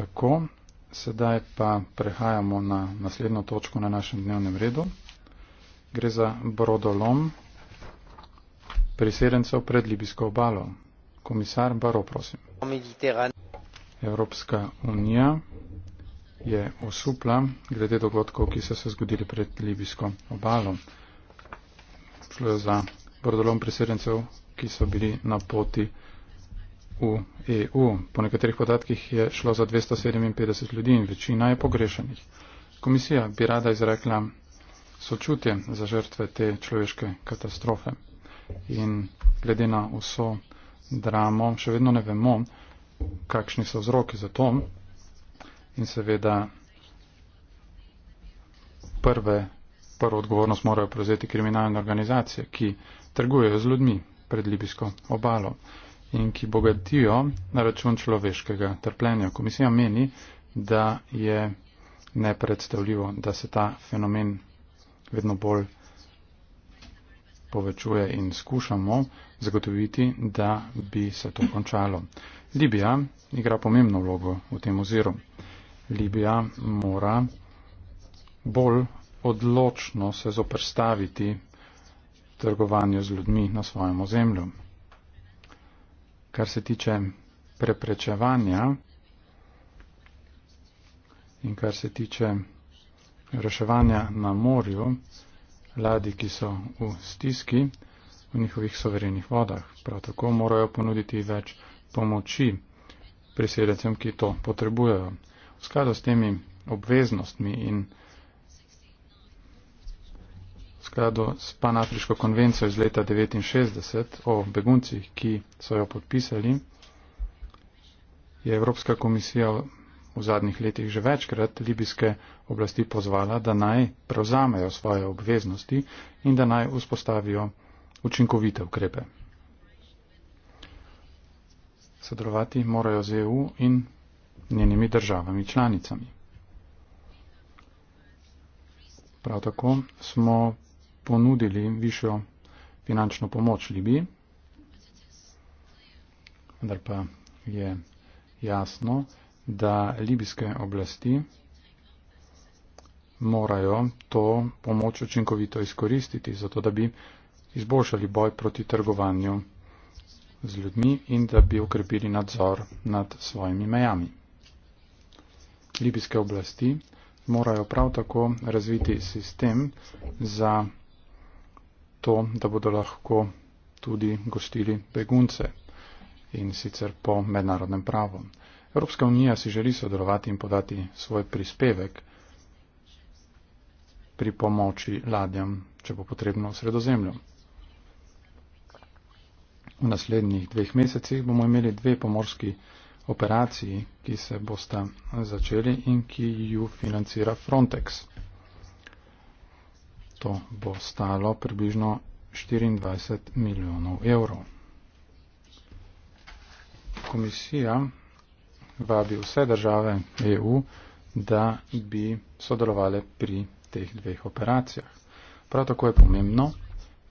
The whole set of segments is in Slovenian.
Tako, sedaj pa prehajamo na naslednjo točko na našem dnevnem redu. Gre za brodolom priseljencev pred Libijsko obalo. Komisar Baro, prosim. Evropska unija je osupla glede dogodkov, ki so se zgodili pred Libijsko obalo. Šlo je za brodolom priseljencev, ki so bili na poti v EU. Po nekaterih podatkih je šlo za 257 ljudi in večina je pogrešenih. Komisija bi rada izrekla sočutje za žrtve te človeške katastrofe. In glede na vso dramo, še vedno ne vemo, kakšni so vzroki za to. In seveda prve, prvo odgovornost morajo prevzeti kriminalne organizacije, ki trgujejo z ljudmi pred libijsko obalo in ki bogatijo na račun človeškega trpljenja. Komisija meni, da je nepredstavljivo, da se ta fenomen vedno bolj povečuje in skušamo zagotoviti, da bi se to končalo. Libija igra pomembno vlogo v tem oziru. Libija mora bolj odločno se zoprstaviti trgovanju z ljudmi na svojem ozemlju kar se tiče preprečevanja in kar se tiče reševanja na morju ladi, ki so v stiski v njihovih soverenih vodah. Prav tako morajo ponuditi več pomoči priseljecem, ki to potrebujejo. V skladu s temi obveznostmi in skladu s Panafriško konvencijo iz leta 1969 o beguncih, ki so jo podpisali, je Evropska komisija v zadnjih letih že večkrat libijske oblasti pozvala, da naj prevzamejo svoje obveznosti in da naj vzpostavijo učinkovite ukrepe. Sodelovati morajo z EU in njenimi državami članicami. Prav tako smo ponudili višjo finančno pomoč Libiji. Vendar pa je jasno, da libijske oblasti morajo to pomoč učinkovito izkoristiti, zato da bi izboljšali boj proti trgovanju z ljudmi in da bi ukrepili nadzor nad svojimi mejami. Libijske oblasti morajo prav tako razviti sistem za to, da bodo lahko tudi gostili begunce in sicer po mednarodnem pravu. Evropska unija si želi sodelovati in podati svoj prispevek pri pomoči ladjam, če bo potrebno, v sredozemlju. V naslednjih dveh mesecih bomo imeli dve pomorski operaciji, ki se bosta začeli in ki ju financira Frontex. To bo stalo približno 24 milijonov evrov. Komisija vabi vse države EU, da bi sodelovali pri teh dveh operacijah. Prav tako je pomembno,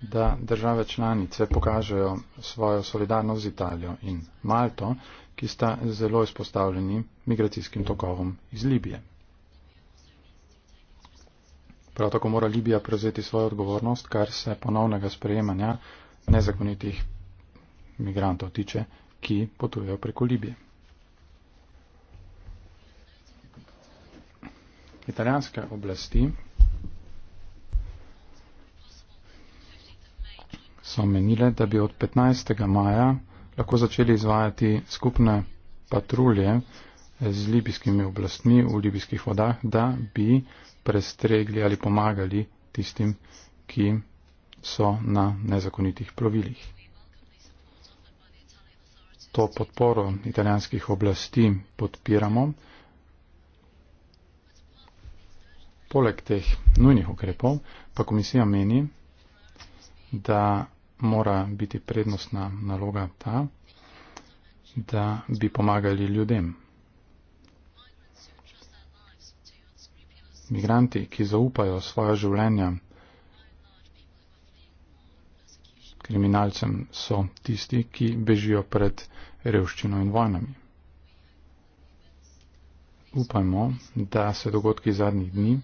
da države članice pokažejo svojo solidarnost z Italijo in Malto, ki sta zelo izpostavljeni migracijskim tokovom iz Libije. Prav tako mora Libija prevzeti svojo odgovornost, kar se ponovnega sprejemanja nezakonitih migrantov tiče, ki potujejo preko Libije. Italijanske oblasti so menile, da bi od 15. maja lahko začeli izvajati skupne patrulje z libijskimi oblastmi v libijskih vodah, da bi prestregli ali pomagali tistim, ki so na nezakonitih plovilih. To podporo italijanskih oblasti podpiramo. Poleg teh nujnih ukrepov pa komisija meni, da mora biti prednostna naloga ta, da bi pomagali ljudem migranti, ki zaupajo svoja življenja kriminalcem, so tisti, ki bežijo pred revščino in vojnami. Upajmo, da se dogodki zadnjih dni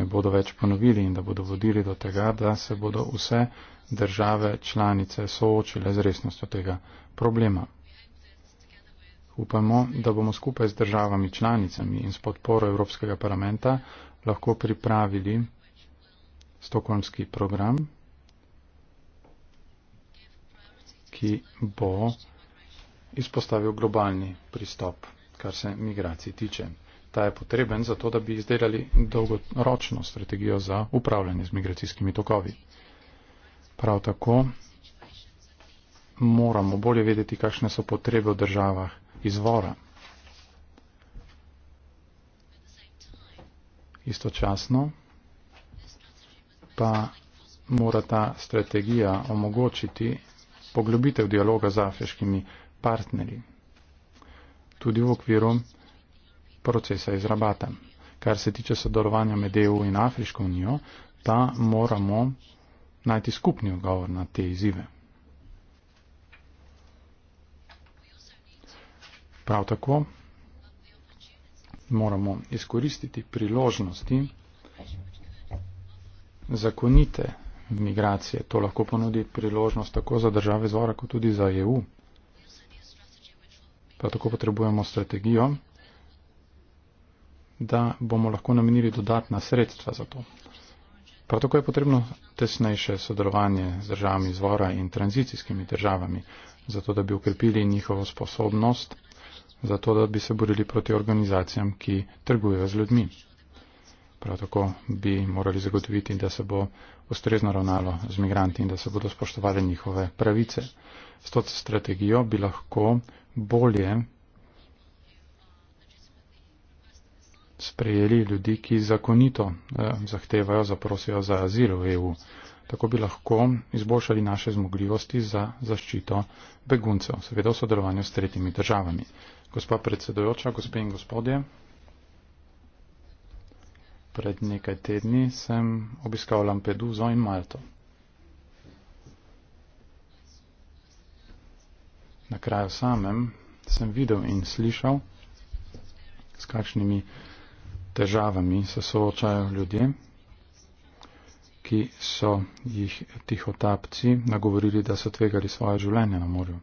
ne bodo več ponovili in da bodo vodili do tega, da se bodo vse države članice soočile z resnostjo tega problema. Upamo, da bomo skupaj z državami članicami in s podporo Evropskega parlamenta lahko pripravili stokholmski program, ki bo izpostavil globalni pristop, kar se migracij tiče. Ta je potreben zato, da bi izdelali dolgoročno strategijo za upravljanje z migracijskimi tokovi. Prav tako moramo bolje vedeti, kakšne so potrebe v državah izvora. Istočasno pa mora ta strategija omogočiti poglobitev dialoga z afriškimi partnerji, tudi v okviru procesa izrabata. Kar se tiče sodelovanja med EU in Afriško unijo, pa moramo najti skupni odgovor na te izzive. Prav tako moramo izkoristiti priložnosti zakonite migracije. To lahko ponudi priložnost tako za države zvora, kot tudi za EU. Prav tako potrebujemo strategijo, da bomo lahko namenili dodatna sredstva za to. Prav tako je potrebno tesnejše sodelovanje z državami izvora in tranzicijskimi državami, zato da bi ukrepili njihovo sposobnost zato da bi se borili proti organizacijam, ki trgujejo z ljudmi. Prav tako bi morali zagotoviti, da se bo ustrezno ravnalo z migranti in da se bodo spoštovali njihove pravice. S to strategijo bi lahko bolje sprejeli ljudi, ki zakonito eh, zahtevajo, zaprosijo za azil v EU. Tako bi lahko izboljšali naše zmogljivosti za zaščito beguncev, seveda v sodelovanju s tretjimi državami. Gospa predsedojoča, gospe in gospodje, pred nekaj tedni sem obiskal Lampeduzo in Malto. Na kraju samem sem videl in slišal, s kakšnimi težavami se soočajo ljudje, ki so jih tihotapci nagovorili, da so tvegali svoje življenje na morju.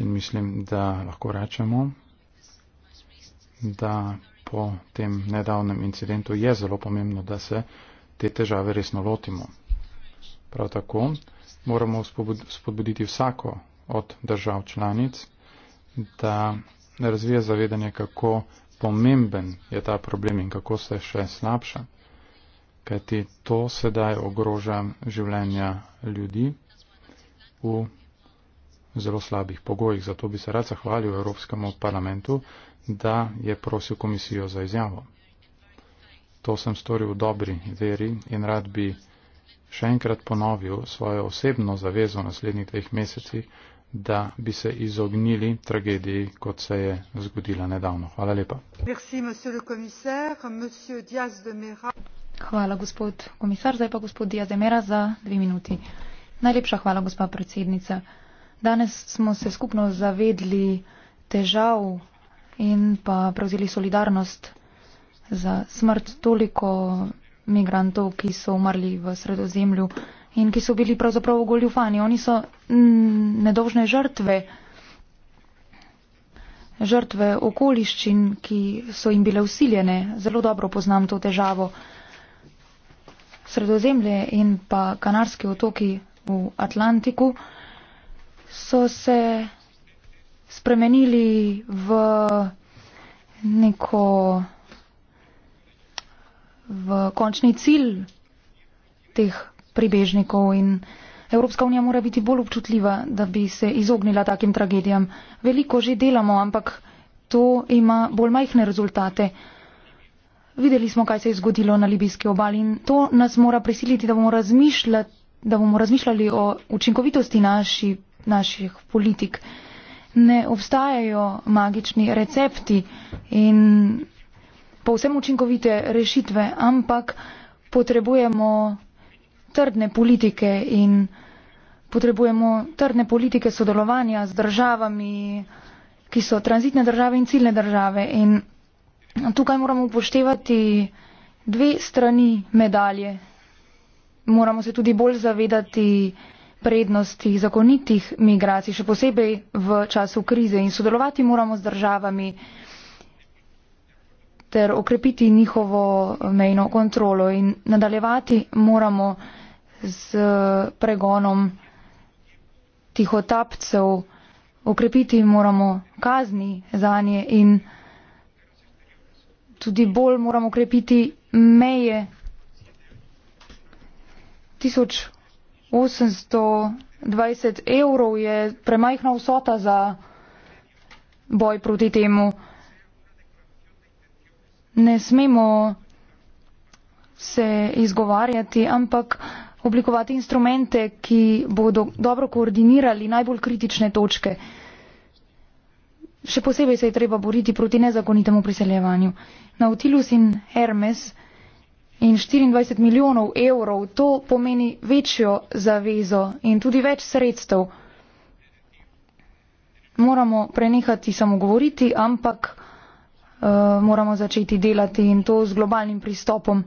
In mislim, da lahko rečemo, da po tem nedavnem incidentu je zelo pomembno, da se te težave resno lotimo. Prav tako moramo spodbuditi vsako od držav članic, da razvije zavedanje, kako pomemben je ta problem in kako se še slabša. Kajti to sedaj ogroža življenja ljudi v zelo slabih pogojih. Zato bi se rad zahvalil Evropskemu parlamentu, da je prosil komisijo za izjavo. To sem storil v dobri veri in rad bi še enkrat ponovil svojo osebno zavezo v naslednjih dveh mesecih, da bi se izognili tragediji, kot se je zgodila nedavno. Hvala lepa. Hvala, gospod komisar. Zdaj pa gospod Diaz de Mera za dve minuti. Najlepša hvala, gospod predsednica. Danes smo se skupno zavedli težav in pa prevzeli solidarnost za smrt toliko migrantov, ki so umrli v sredozemlju in ki so bili pravzaprav goljufani. Oni so nedožne žrtve, žrtve okoliščin, ki so jim bile usiljene. Zelo dobro poznam to težavo. Sredozemlje in pa kanarski otoki v Atlantiku so se spremenili v neko v končni cilj teh pribežnikov in Evropska unija mora biti bolj občutljiva, da bi se izognila takim tragedijam. Veliko že delamo, ampak to ima bolj majhne rezultate. Videli smo, kaj se je zgodilo na libijski obali in to nas mora prisiliti, da bomo razmišljali, da bomo razmišljali o učinkovitosti naših naših politik. Ne obstajajo magični recepti in povsem učinkovite rešitve, ampak potrebujemo trdne politike in potrebujemo trdne politike sodelovanja z državami, ki so tranzitne države in ciljne države. In tukaj moramo upoštevati dve strani medalje. Moramo se tudi bolj zavedati, prednostih zakonitih migracij, še posebej v času krize in sodelovati moramo z državami ter okrepiti njihovo mejno kontrolo in nadaljevati moramo z pregonom tihotapcev, okrepiti moramo kazni za nje in tudi bolj moramo okrepiti meje. Tisoč 820 evrov je premajhna vsota za boj proti temu. Ne smemo se izgovarjati, ampak oblikovati instrumente, ki bodo dobro koordinirali najbolj kritične točke. Še posebej se je treba boriti proti nezakonitemu priseljevanju. Nautilus in Hermes in 24 milijonov evrov, to pomeni večjo zavezo in tudi več sredstev. Moramo prenehati samo govoriti, ampak uh, moramo začeti delati in to z globalnim pristopom.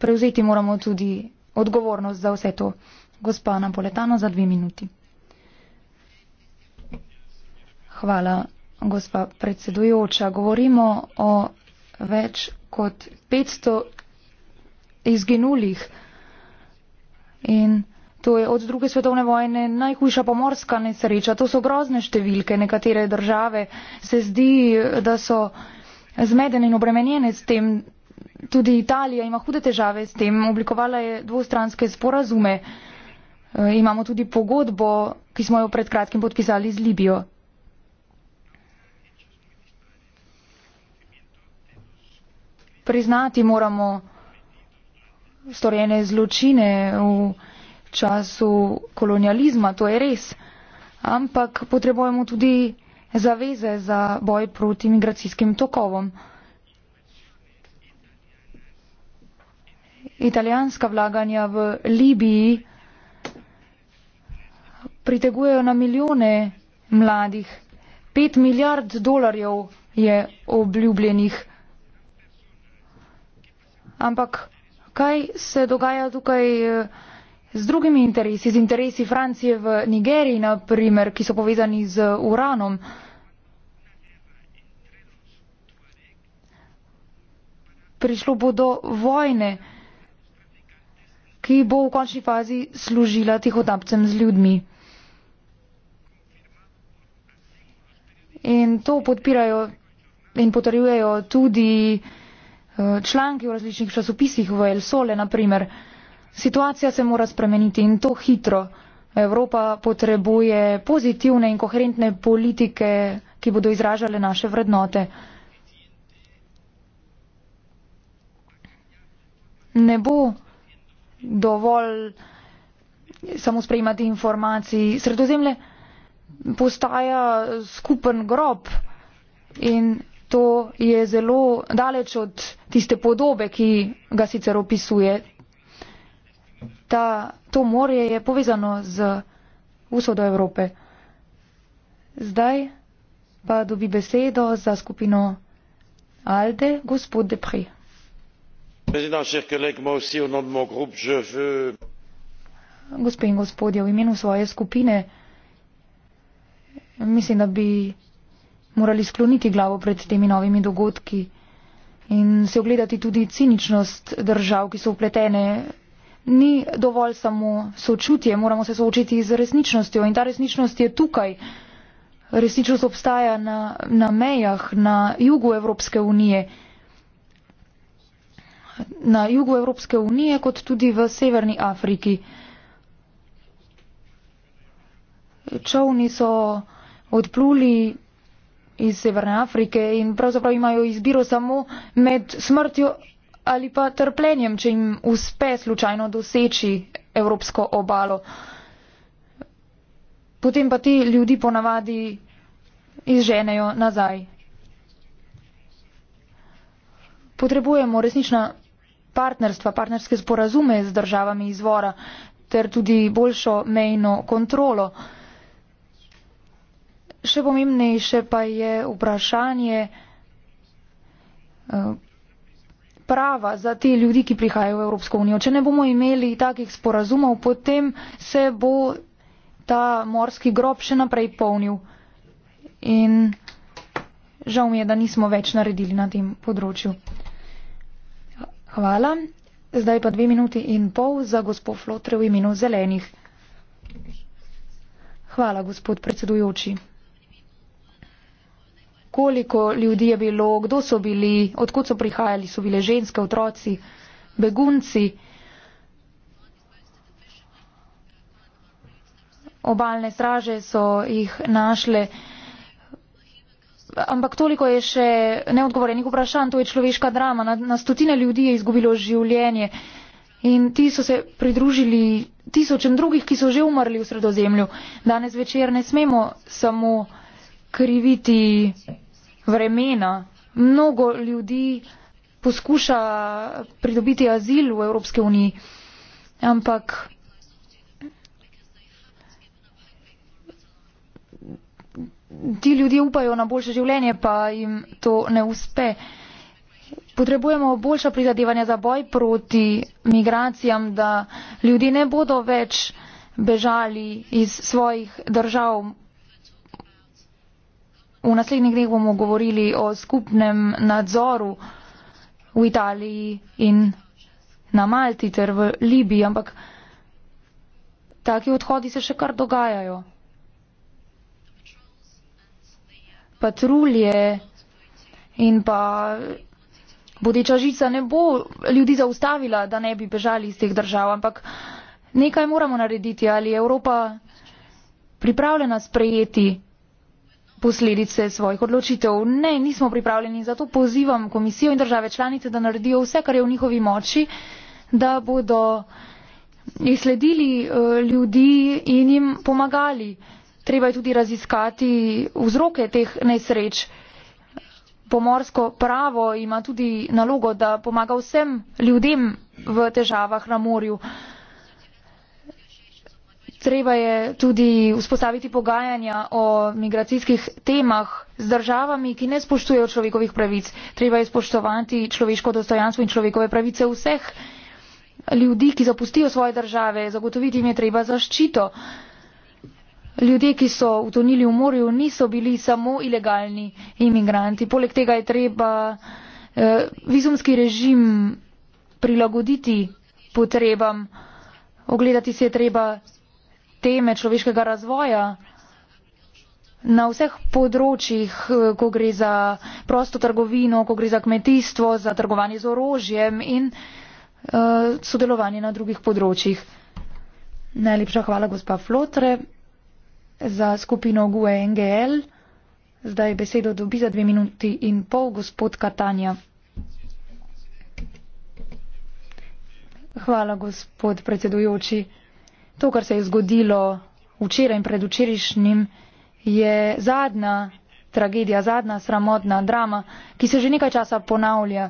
Prevzeti moramo tudi odgovornost za vse to. Gospa Napoletano za dve minuti. Hvala, gospa predsedujoča. Govorimo o več kot 500 izginulih. In to je od druge svetovne vojne najhujša pomorska nesreča. To so grozne številke. Nekatere države se zdi, da so zmedene in obremenjene s tem. Tudi Italija ima hude težave s tem. Oblikovala je dvostranske sporazume. E, imamo tudi pogodbo, ki smo jo pred kratkim podpisali z Libijo. priznati moramo storjene zločine v času kolonializma, to je res. Ampak potrebujemo tudi zaveze za boj proti migracijskim tokovom. Italijanska vlaganja v Libiji pritegujejo na milijone mladih. Pet milijard dolarjev je obljubljenih ampak kaj se dogaja tukaj eh, z drugimi interesi, z interesi Francije v Nigeriji, naprimer, ki so povezani z uranom? Prišlo bo do vojne, ki bo v končni fazi služila tihotapcem z ljudmi. In to podpirajo in potrjujejo tudi uh, Eh, članki v različnih časopisih v El Sole, naprimer. Situacija se mora spremeniti in to hitro. Evropa potrebuje pozitivne in koherentne politike, ki bodo izražale naše vrednote. Ne bo dovolj samo sprejemati informacij. Sredozemlje postaja skupen grob in to je zelo daleč od tiste podobe, ki ga sicer opisuje. Ta, to morje je povezano z usodo Evrope. Zdaj pa dobi besedo za skupino Alde, gospod Depri. Gospe in gospodje, v imenu svoje skupine mislim, da bi morali skloniti glavo pred temi novimi dogodki in se ogledati tudi ciničnost držav, ki so upletene. Ni dovolj samo sočutje, moramo se soočiti z resničnostjo in ta resničnost je tukaj. Resničnost obstaja na, na mejah, na jugu Evropske unije. Na jugu Evropske unije, kot tudi v Severni Afriki. Čovni so odpluli iz Severne Afrike in pravzaprav imajo izbiro samo med smrtjo ali pa trpljenjem, če jim uspe slučajno doseči evropsko obalo. Potem pa ti ljudi ponavadi izženejo nazaj. Potrebujemo resnična partnerstva, partnerske sporazume z državami izvora ter tudi boljšo mejno kontrolo. Še pomembnejše pa je vprašanje eh, prava za te ljudi, ki prihajajo v Evropsko unijo. Če ne bomo imeli takih sporazumov, potem se bo ta morski grob še naprej polnil. In žal mi je, da nismo več naredili na tem področju. Hvala. Zdaj pa dve minuti in pol za gospod Flotre v imenu zelenih. Hvala, gospod predsedujoči koliko ljudi je bilo, kdo so bili, odkud so prihajali, so bile ženske, otroci, begunci. Obalne straže so jih našle. Ampak toliko je še neodgovorenih vprašanj, to je človeška drama. Na, na stotine ljudi je izgubilo življenje in ti so se pridružili tisočem drugih, ki so že umrli v sredozemlju. Danes večer ne smemo samo kriviti vremena. Mnogo ljudi poskuša pridobiti azil v Evropske uniji, ampak ti ljudje upajo na boljše življenje, pa jim to ne uspe. Potrebujemo boljša prizadevanja za boj proti migracijam, da ljudje ne bodo več bežali iz svojih držav, V naslednjih dneh bomo govorili o skupnem nadzoru v Italiji in na Malti ter v Libiji, ampak taki odhodi se še kar dogajajo. Patrulje in pa bodeča žica ne bo ljudi zaustavila, da ne bi bežali iz teh držav, ampak nekaj moramo narediti, ali je Evropa pripravljena sprejeti posledice svojih odločitev. Ne, nismo pripravljeni, zato pozivam komisijo in države članice, da naredijo vse, kar je v njihovi moči, da bodo izsledili eh, ljudi in jim pomagali. Treba je tudi raziskati vzroke teh nesreč. Pomorsko pravo ima tudi nalogo, da pomaga vsem ljudem v težavah na morju treba je tudi vzpostaviti pogajanja o migracijskih temah z državami, ki ne spoštujejo človekovih pravic. Treba je spoštovati človeško dostojanstvo in človekove pravice vseh ljudi, ki zapustijo svoje države, zagotoviti jim je treba zaščito. Ljudje, ki so utonili v morju, niso bili samo ilegalni imigranti. Poleg tega je treba eh, vizumski režim prilagoditi potrebam. Ogledati se je treba teme človeškega razvoja na vseh področjih, ko gre za prosto trgovino, ko gre za kmetijstvo, za trgovanje z orožjem in uh, sodelovanje na drugih področjih. Najlepša hvala gospa Flotre za skupino GUE NGL. Zdaj besedo dobi za dve minuti in pol gospod Katanja. Hvala, gospod predsedujoči. To, kar se je zgodilo včeraj in predvčerajšnjim, je zadnja tragedija, zadnja sramotna drama, ki se že nekaj časa ponavlja.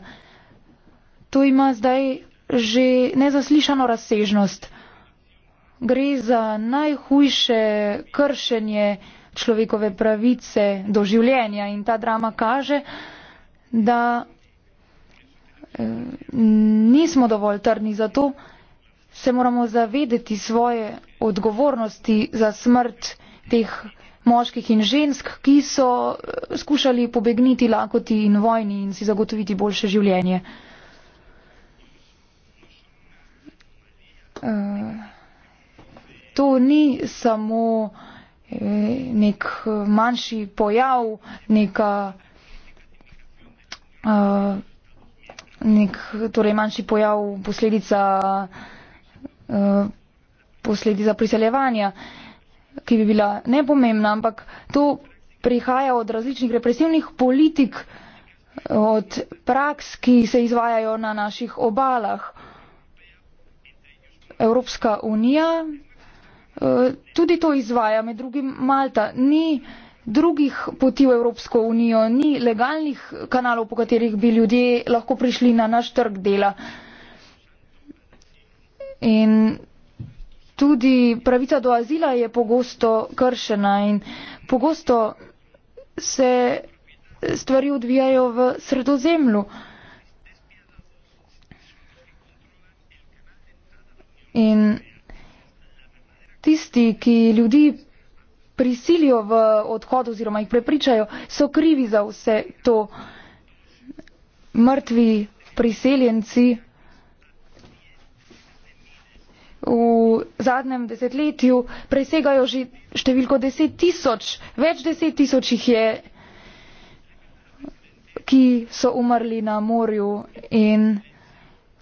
To ima zdaj že nezaslišano razsežnost. Gre za najhujše kršenje človekove pravice do življenja in ta drama kaže, da eh, nismo dovolj trdni za to, se moramo zavedeti svoje odgovornosti za smrt teh moških in žensk, ki so eh, skušali pobegniti lakoti in vojni in si zagotoviti boljše življenje. Eh, to ni samo eh, nek manjši pojav, neka, nek, torej manjši pojav posledica Eh, posledica priseljevanja, ki bi bila nepomembna, ampak to prihaja od različnih represivnih politik, od praks, ki se izvajajo na naših obalah. Evropska unija eh, tudi to izvaja, med drugim Malta. Ni drugih poti v Evropsko unijo, ni legalnih kanalov, po katerih bi ljudje lahko prišli na naš trg dela in tudi pravica do azila je pogosto kršena in pogosto se stvari odvijajo v sredozemlju. In tisti, ki ljudi prisilijo v odhod oziroma jih prepričajo, so krivi za vse to. Mrtvi priseljenci v zadnjem desetletju presegajo že številko deset tisoč več deset tisoč jih je ki so umrli na morju in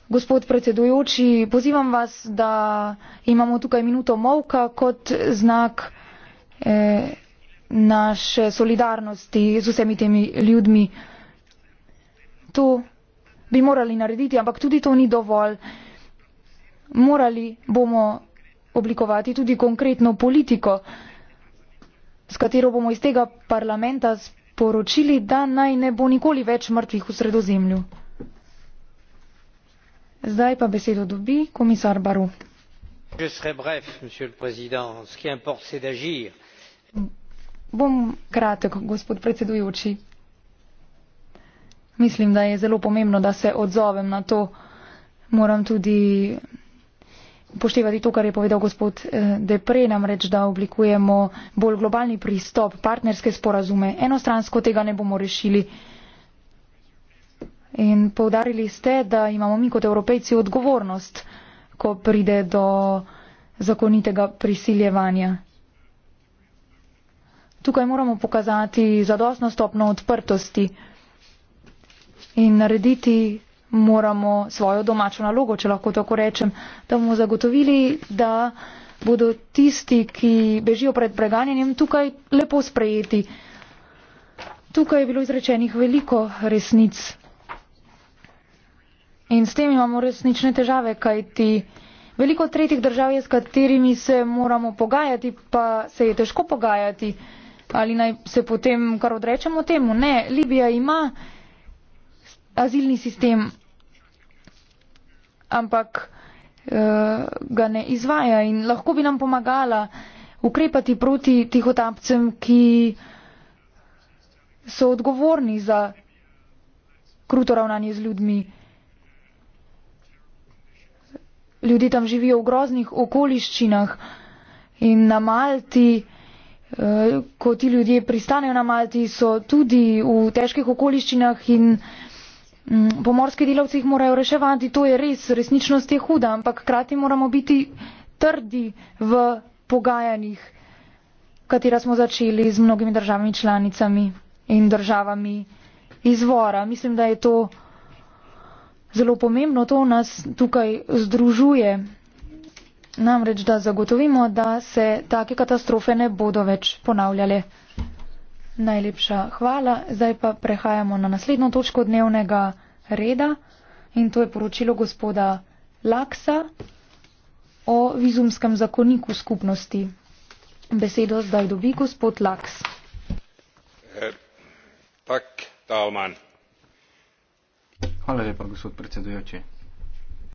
gospod predsedujoči pozivam vas da imamo tukaj minuto molka kot znak eh, naše solidarnosti z vsemi temi ljudmi to bi morali narediti ampak tudi to ni dovolj morali bomo oblikovati tudi konkretno politiko, s katero bomo iz tega parlamenta sporočili, da naj ne bo nikoli več mrtvih v sredozemlju. Zdaj pa besedo dobi komisar Baru. Bom kratek, gospod predsedujoči. Mislim, da je zelo pomembno, da se odzovem na to. Moram tudi upoštevati to, kar je povedal gospod eh, Depre, namreč, da oblikujemo bolj globalni pristop, partnerske sporazume. Enostransko tega ne bomo rešili. In povdarili ste, da imamo mi kot evropejci odgovornost, ko pride do zakonitega prisiljevanja. Tukaj moramo pokazati zadostno stopno odprtosti in narediti moramo svojo domačo nalogo, če lahko tako rečem, da bomo zagotovili, da bodo tisti, ki bežijo pred preganjanjem, tukaj lepo sprejeti. Tukaj je bilo izrečenih veliko resnic. In s tem imamo resnične težave, kajti veliko tretjih držav je, s katerimi se moramo pogajati, pa se je težko pogajati. Ali naj se potem kar odrečemo temu? Ne, Libija ima azilni sistem, ampak eh, ga ne izvaja in lahko bi nam pomagala ukrepati proti tihotapcem, ki so odgovorni za kruto ravnanje z ljudmi. Ljudje tam živijo v groznih okoliščinah in na Malti, eh, ko ti ljudje pristanejo na Malti, so tudi v težkih okoliščinah in Mm, pomorski delavci jih morajo reševati, to je res, resničnost je huda, ampak krati moramo biti trdi v pogajanjih, katera smo začeli z mnogimi državami članicami in državami izvora. Mislim, da je to zelo pomembno, to nas tukaj združuje. Namreč, da zagotovimo, da se take katastrofe ne bodo več ponavljale. Najlepša hvala. Zdaj pa prehajamo na naslednjo točko dnevnega reda in to je poročilo gospoda Laksa o vizumskem zakoniku skupnosti. Besedo zdaj dobi gospod Laks. Eh, hvala lepa, gospod predsedujoči.